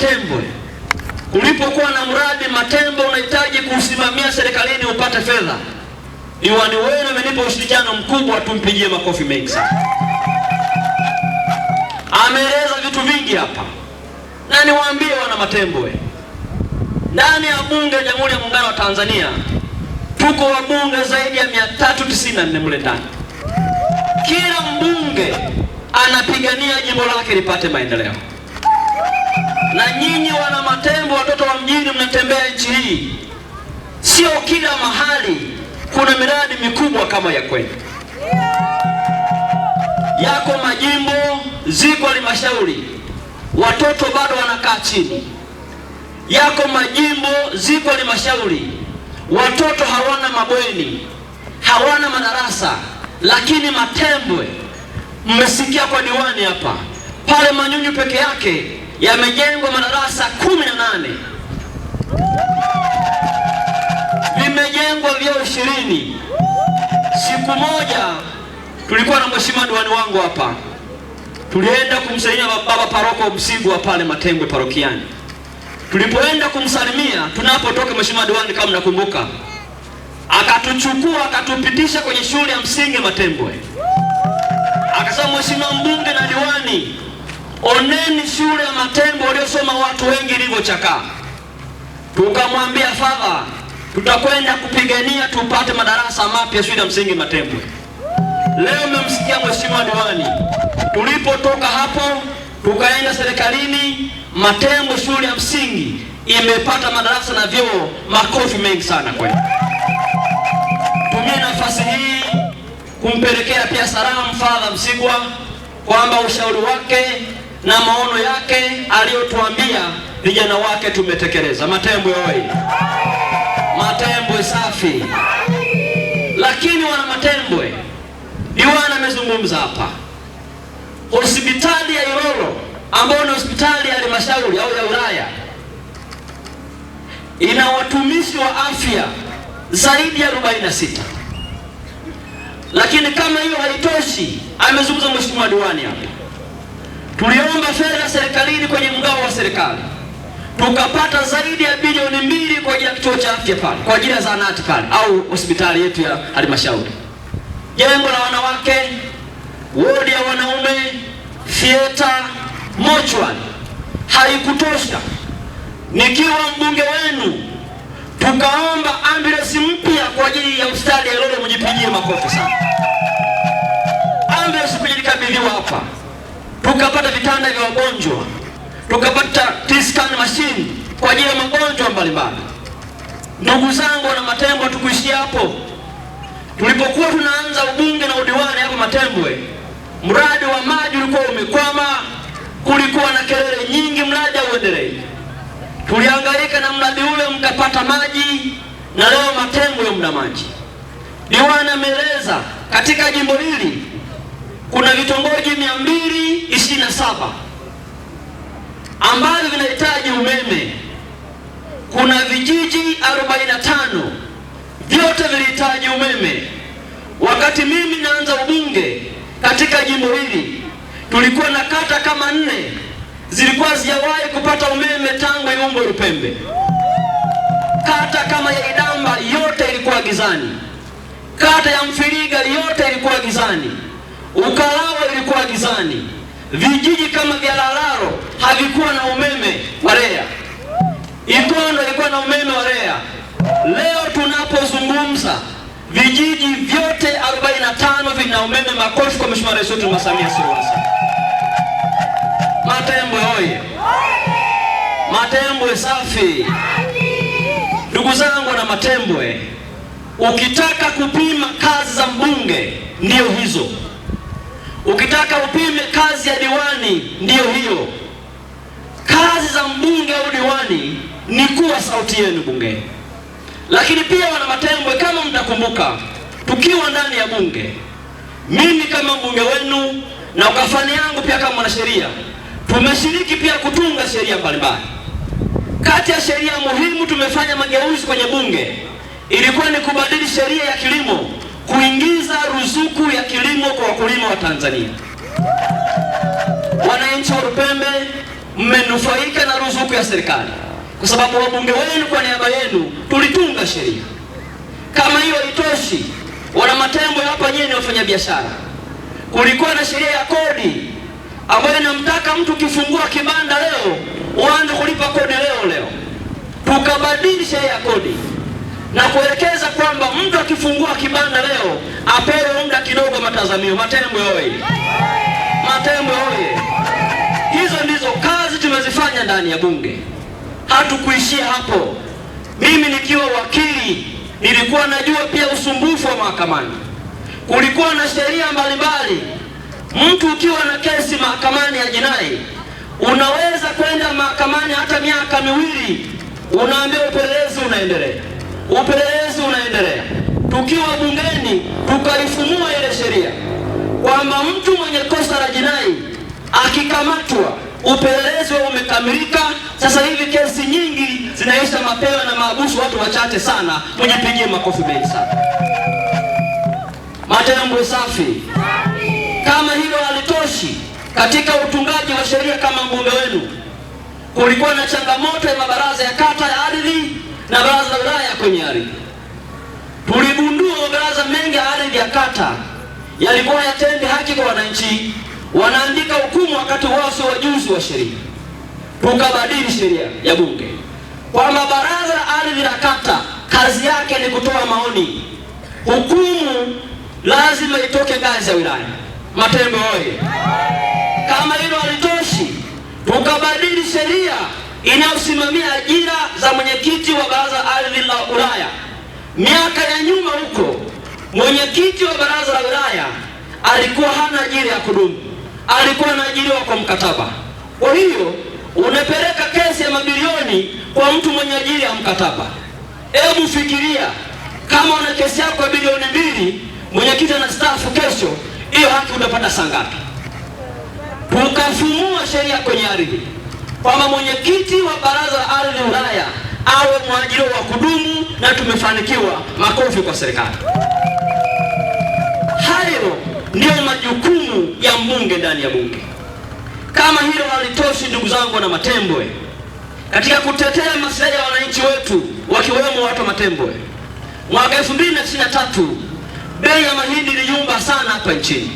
Matembwe, kulipokuwa na mradi Matembwe unahitaji kusimamia serikalini upate fedha, diwani wenu amenipa ushirikiano mkubwa, tumpigie makofi mengi sana. Ameeleza vitu vingi hapa, na niwaambie wana Matembwe, ndani ya bunge la Jamhuri ya Muungano wa Tanzania tuko wabunge zaidi ya 394 mle ndani, kila mbunge anapigania jimbo lake lipate maendeleo. Na nyinyi wana Matembo, watoto wa mjini, mnatembea nchi hii, sio kila mahali kuna miradi mikubwa kama ya kwenu. Yako majimbo, ziko halmashauri, watoto bado wanakaa chini. Yako majimbo, ziko halmashauri, watoto hawana mabweni, hawana madarasa, lakini Matembwe mmesikia kwa diwani hapa pale Manyunyu peke yake yamejengwa madarasa kumi na nane vimejengwa vyoo ishirini. Siku moja tulikuwa na mheshimiwa diwani wangu hapa, tulienda kumsalimia baba paroko Msigwa pale Matengwe parokiani. Tulipoenda kumsalimia tunapotoka, mheshimiwa diwani, kama nakumbuka akatuchukua akatupitisha kwenye shule ya msingi Matembwe, akasema mheshimiwa mbunge na diwani Oneni shule ya Matembo waliosoma watu wengi ilivyochakaa. Tukamwambia fadha, tutakwenda kupigania tupate madarasa mapya shule ya msingi Matembo. Leo mmemsikia mheshimiwa diwani, tulipotoka hapo tukaenda serikalini. Matembo shule ya msingi imepata madarasa na vyoo, makofi mengi sana kweli. Tumie nafasi hii kumpelekea pia salamu Fadha Msigwa kwamba ushauri wake na maono yake aliyotuambia vijana wake tumetekeleza. Matembwe oye! Matembwe safi! Lakini wana Matembwe, diwani amezungumza hapa, hospitali ya Ilolo ambayo ni hospitali ya halmashauri au ya wilaya ina watumishi wa afya zaidi ya 46 lakini kama hiyo haitoshi, amezungumza mheshimiwa diwani hapa Tuliomba fedha serikalini kwenye mgao wa serikali tukapata zaidi ya bilioni mbili kwa ajili ya kituo cha afya pale, kwa ajili ya zahanati pale au hospitali yetu ya halmashauri, jengo la wanawake, wodi ya wanaume, fieta, mochwani, Haikutosha. Nikiwa mbunge wenu, tukaomba ambulance mpya kwa ajili ya ustawi kwa ajili ya magonjwa mbalimbali. Ndugu zangu na Matembwe, tukuishia hapo. Tulipokuwa tunaanza ubunge na udiwani hapo Matembwe, mradi wa maji ulikuwa umekwama, kulikuwa na kelele nyingi, mradi hauendelei. Tuliangaika na mradi ule, mkapata maji na leo Matembwe mna maji. Diwani ameeleza katika jimbo hili kuna vitongoji mia mbili ishirini na saba ambavyo vinahitaji umeme kuna vijiji 45 vyote vilihitaji umeme. Wakati mimi naanza ubunge katika jimbo hili, tulikuwa na kata kama nne zilikuwa zijawahi kupata umeme tangu iumbwe Lupembe. Kata kama ya Idamba yote ilikuwa gizani, kata ya Mfiriga yote ilikuwa gizani, Ukalawa ilikuwa gizani, vijiji kama vya Lalaro havikuwa na umeme warea Ikondo ilikuwa na umeme wa REA. Leo tunapozungumza vijiji vyote 45 vina umeme. Makofi kwa Mheshimiwa Rais wetu Samia Suluhu Hassan. Matembwe oye! Matembwe safi! Ndugu zangu na Matembwe, ukitaka kupima kazi za mbunge ndiyo hizo, ukitaka upime kazi ya diwani ndiyo hiyo. Kazi za mbunge au diwani ni kuwa sauti yenu bungeni. Lakini pia wana Matembwe, kama mtakumbuka, tukiwa ndani ya bunge, mimi kama mbunge wenu na ukafani yangu pia kama mwanasheria, tumeshiriki pia kutunga sheria mbalimbali. Kati ya sheria muhimu tumefanya mageuzi kwenye bunge, ilikuwa ni kubadili sheria ya kilimo kuingiza ruzuku ya kilimo kwa wakulima wa Tanzania. Wananchi wa Lupembe mmenufaika na ruzuku ya serikali kwa sababu wabunge wenu kwa niaba yenu tulitunga sheria. Kama hiyo haitoshi, wana Matembo hapa nyewe ni wafanyabiashara, kulikuwa na sheria ya kodi ambayo inamtaka mtu ukifungua kibanda leo uanze kulipa kodi leo leo. Tukabadili sheria ya kodi na kuelekeza kwamba mtu akifungua kibanda leo apewe muda kidogo matazamio. Matembo oye! Matembo oye! Hizo ndizo kazi tumezifanya ndani ya Bunge hatukuishia hapo. Mimi nikiwa wakili nilikuwa najua pia usumbufu wa mahakamani. Kulikuwa na sheria mbalimbali. Mtu ukiwa na kesi mahakamani ya jinai unaweza kwenda mahakamani hata miaka miwili, unaambia upelelezi unaendelea, upelelezi unaendelea. Tukiwa bungeni tukaifumua ile sheria kwamba mtu mwenye kosa la jinai akikamatwa upelelezi umekamilika. Sasa hivi kesi nyingi zinaisha mapema na maabusu watu wachache sana. Mujipigie makofi mengi sana. matembo safi. Kama hilo halitoshi, katika utungaji wa sheria kama mbunge wenu, kulikuwa na changamoto ya mabaraza ya kata ya ardhi na baraza la wilaya kwenye ardhi. Tuligundua mabaraza mengi ya ardhi ya kata yalikuwa yatende haki kwa wananchi wanaandika hukumu wakati wao sio wajuzi wa sheria. Tukabadili sheria ya Bunge kwamba baraza la ardhi la kata kazi yake ni kutoa maoni, hukumu lazima itoke ngazi ya wilaya. Matembe oye! Kama hilo halitoshi, tukabadili sheria inayosimamia ajira za mwenyekiti wa baraza la ardhi la wilaya. Miaka ya nyuma huko, mwenyekiti wa baraza la wilaya alikuwa hana ajira ya kudumu alikuwa anaajiriwa kwa mkataba. Kwa hiyo unapeleka kesi ya mabilioni kwa mtu mwenye ajili ya mkataba. Hebu fikiria kama una kesi yako ya bilioni mbili, mwenyekiti anastaafu kesho, hiyo haki utapata sangapi? Tukafumua sheria kwenye ardhi kwamba mwenyekiti wa baraza la ardhi Ulaya awe mwajiriwa wa kudumu, na tumefanikiwa. Makofi kwa serikali hayo ndiyo majukumu ya mbunge ndani ya bunge. Kama hilo halitoshi, ndugu zangu na Matembwe, katika kutetea maslahi ya wananchi wetu wakiwemo watu wa Matembwe, mwaka 2023 bei ya mahindi iliyumba sana hapa nchini.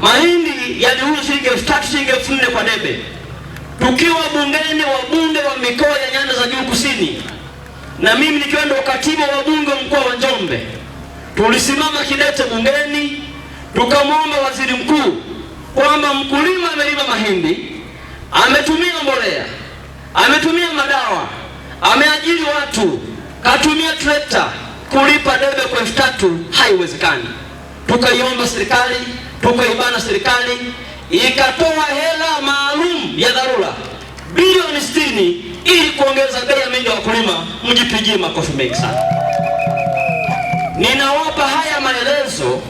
Mahindi yaliuzwa shilingi elfu tatu shilingi elfu nne kwa debe. Tukiwa bungeni, wabunge wa mikoa ya nyanda za juu kusini na mimi nikiwa ndo katibu wa bunge mkoa wa Njombe, tulisimama kidete bungeni tukamwomba waziri mkuu kwamba mkulima amelima mahindi, ametumia mbolea, ametumia madawa, ameajiri watu, katumia trekta kulipa debe kwa elfu tatu haiwezekani. Tukaiomba serikali, tukaibana serikali ikatoa hela maalum ya dharura bilioni 60 ili kuongeza bei ya mingi ya wakulima. Mjipigie makofi mengi sana. Ninawapa haya maelezo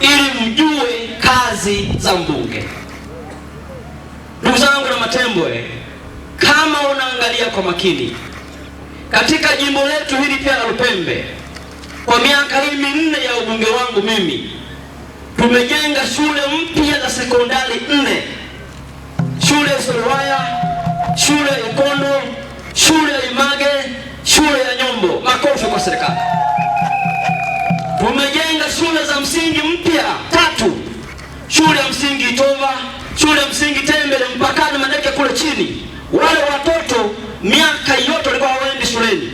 ili mjue kazi za mbunge. Ndugu zangu na Matembwe, eh, kama unaangalia kwa makini katika jimbo letu hili pia la Lupembe, kwa miaka hii minne ya ubunge wangu mimi tumejenga shule mpya za sekondari nne: shule ya Solwaya, shule ya Ikondo, shule ya Image, shule ya Nyombo. Makofi kwa serikali. mpya tatu, shule ya msingi Itova, shule ya msingi Tembele, mpakani Madeke kule chini. Wale watoto miaka yote walikuwa hawaendi shuleni.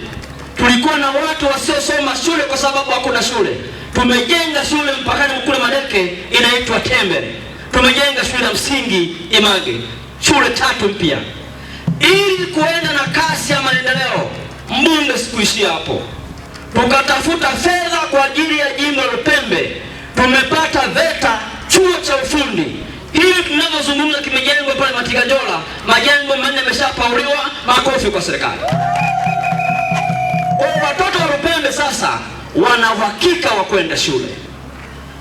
Tulikuwa na watu wasiosoma shule kwa sababu hakuna shule. Tumejenga shule mpakani kule Madeke, inaitwa Tembele. Tumejenga shule ya msingi Image, shule tatu mpya ili kuenda na kasi ya maendeleo. Mbunge sikuishia hapo, tukatafuta fedha kwa ajili ya jimbo la Lupembe tumepata VETA chuo cha ufundi. Hivi tunavyozungumza kimejengwa pale Matiganjola, majengo manne yameshapauliwa. Makofi kwa serikali. Watoto wa Rupembe sasa wana uhakika wa kwenda shule.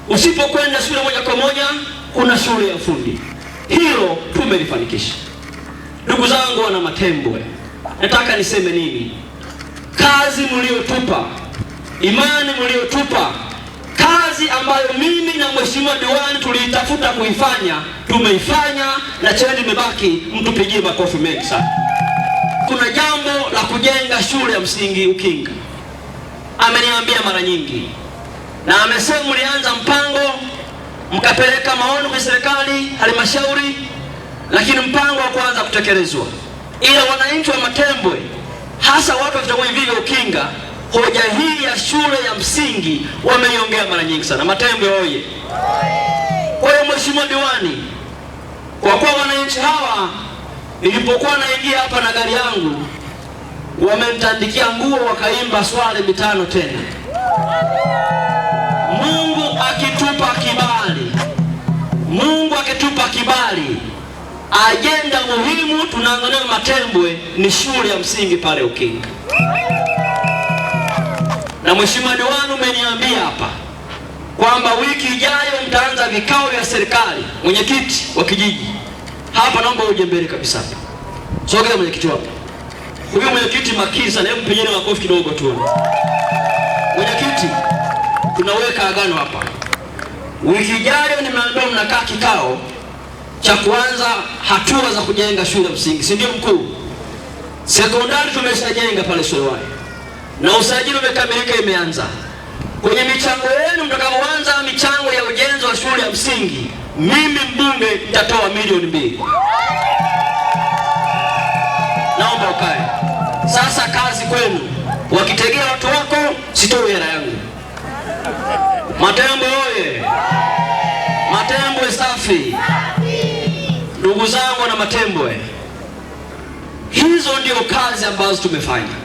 Usipokwenda shule moja kwa moja, kuna shule ya ufundi. Hilo tumelifanikisha. Ndugu zangu wana Matembwe, nataka niseme nini? Kazi mliotupa, imani mliotupa kazi ambayo mimi na mheshimiwa diwani tuliitafuta kuifanya tumeifanya, na cheni imebaki, mtupigie makofi mengi sana. Kuna jambo la kujenga shule ya msingi Ukinga, ameniambia mara nyingi, na amesema mlianza mpango mkapeleka maono kwa serikali halmashauri, lakini mpango wa kuanza kutekelezwa, ila wananchi wa Matembwe hasa watu wa vitongoji vya Ukinga hoja hii ya shule ya msingi wameiongea mara nyingi sana. Matembe oye! Kwa hiyo mheshimiwa diwani, kwa kuwa wananchi hawa nilipokuwa naingia hapa na gari yangu wamemtandikia nguo, wakaimba swali mitano tena. Mungu akitupa kibali, Mungu akitupa kibali, ajenda muhimu tunaangalia Matembwe ni shule ya msingi pale Ukinga na mheshimiwa diwani umeniambia hapa kwamba wiki ijayo mtaanza vikao vya serikali. Mwenyekiti wa kijiji hapa, naomba uje mbele kabisa hapa, sogea mwenyekiti wapo huyu. Mwenyekiti makini hebu pigeni makofi kidogo tu. Mwenyekiti, tunaweka agano hapa, wiki ijayo nimeambiwa mnakaa kikao cha kuanza hatua za kujenga shule msingi, si ndio mkuu? Sekondari tumeshajenga pale Solwani na usajili umekamilika, imeanza. Kwenye michango yenu mtakaoanza michango ya ujenzi wa shule ya msingi, mimi mbunge nitatoa milioni mbili. Naomba ukae sasa, kazi kwenu. Wakitegea watu wako, sitoe hela yangu. Matembo oye! Matembwe safi! Ndugu zangu na Matembwe, hizo ndio kazi ambazo tumefanya.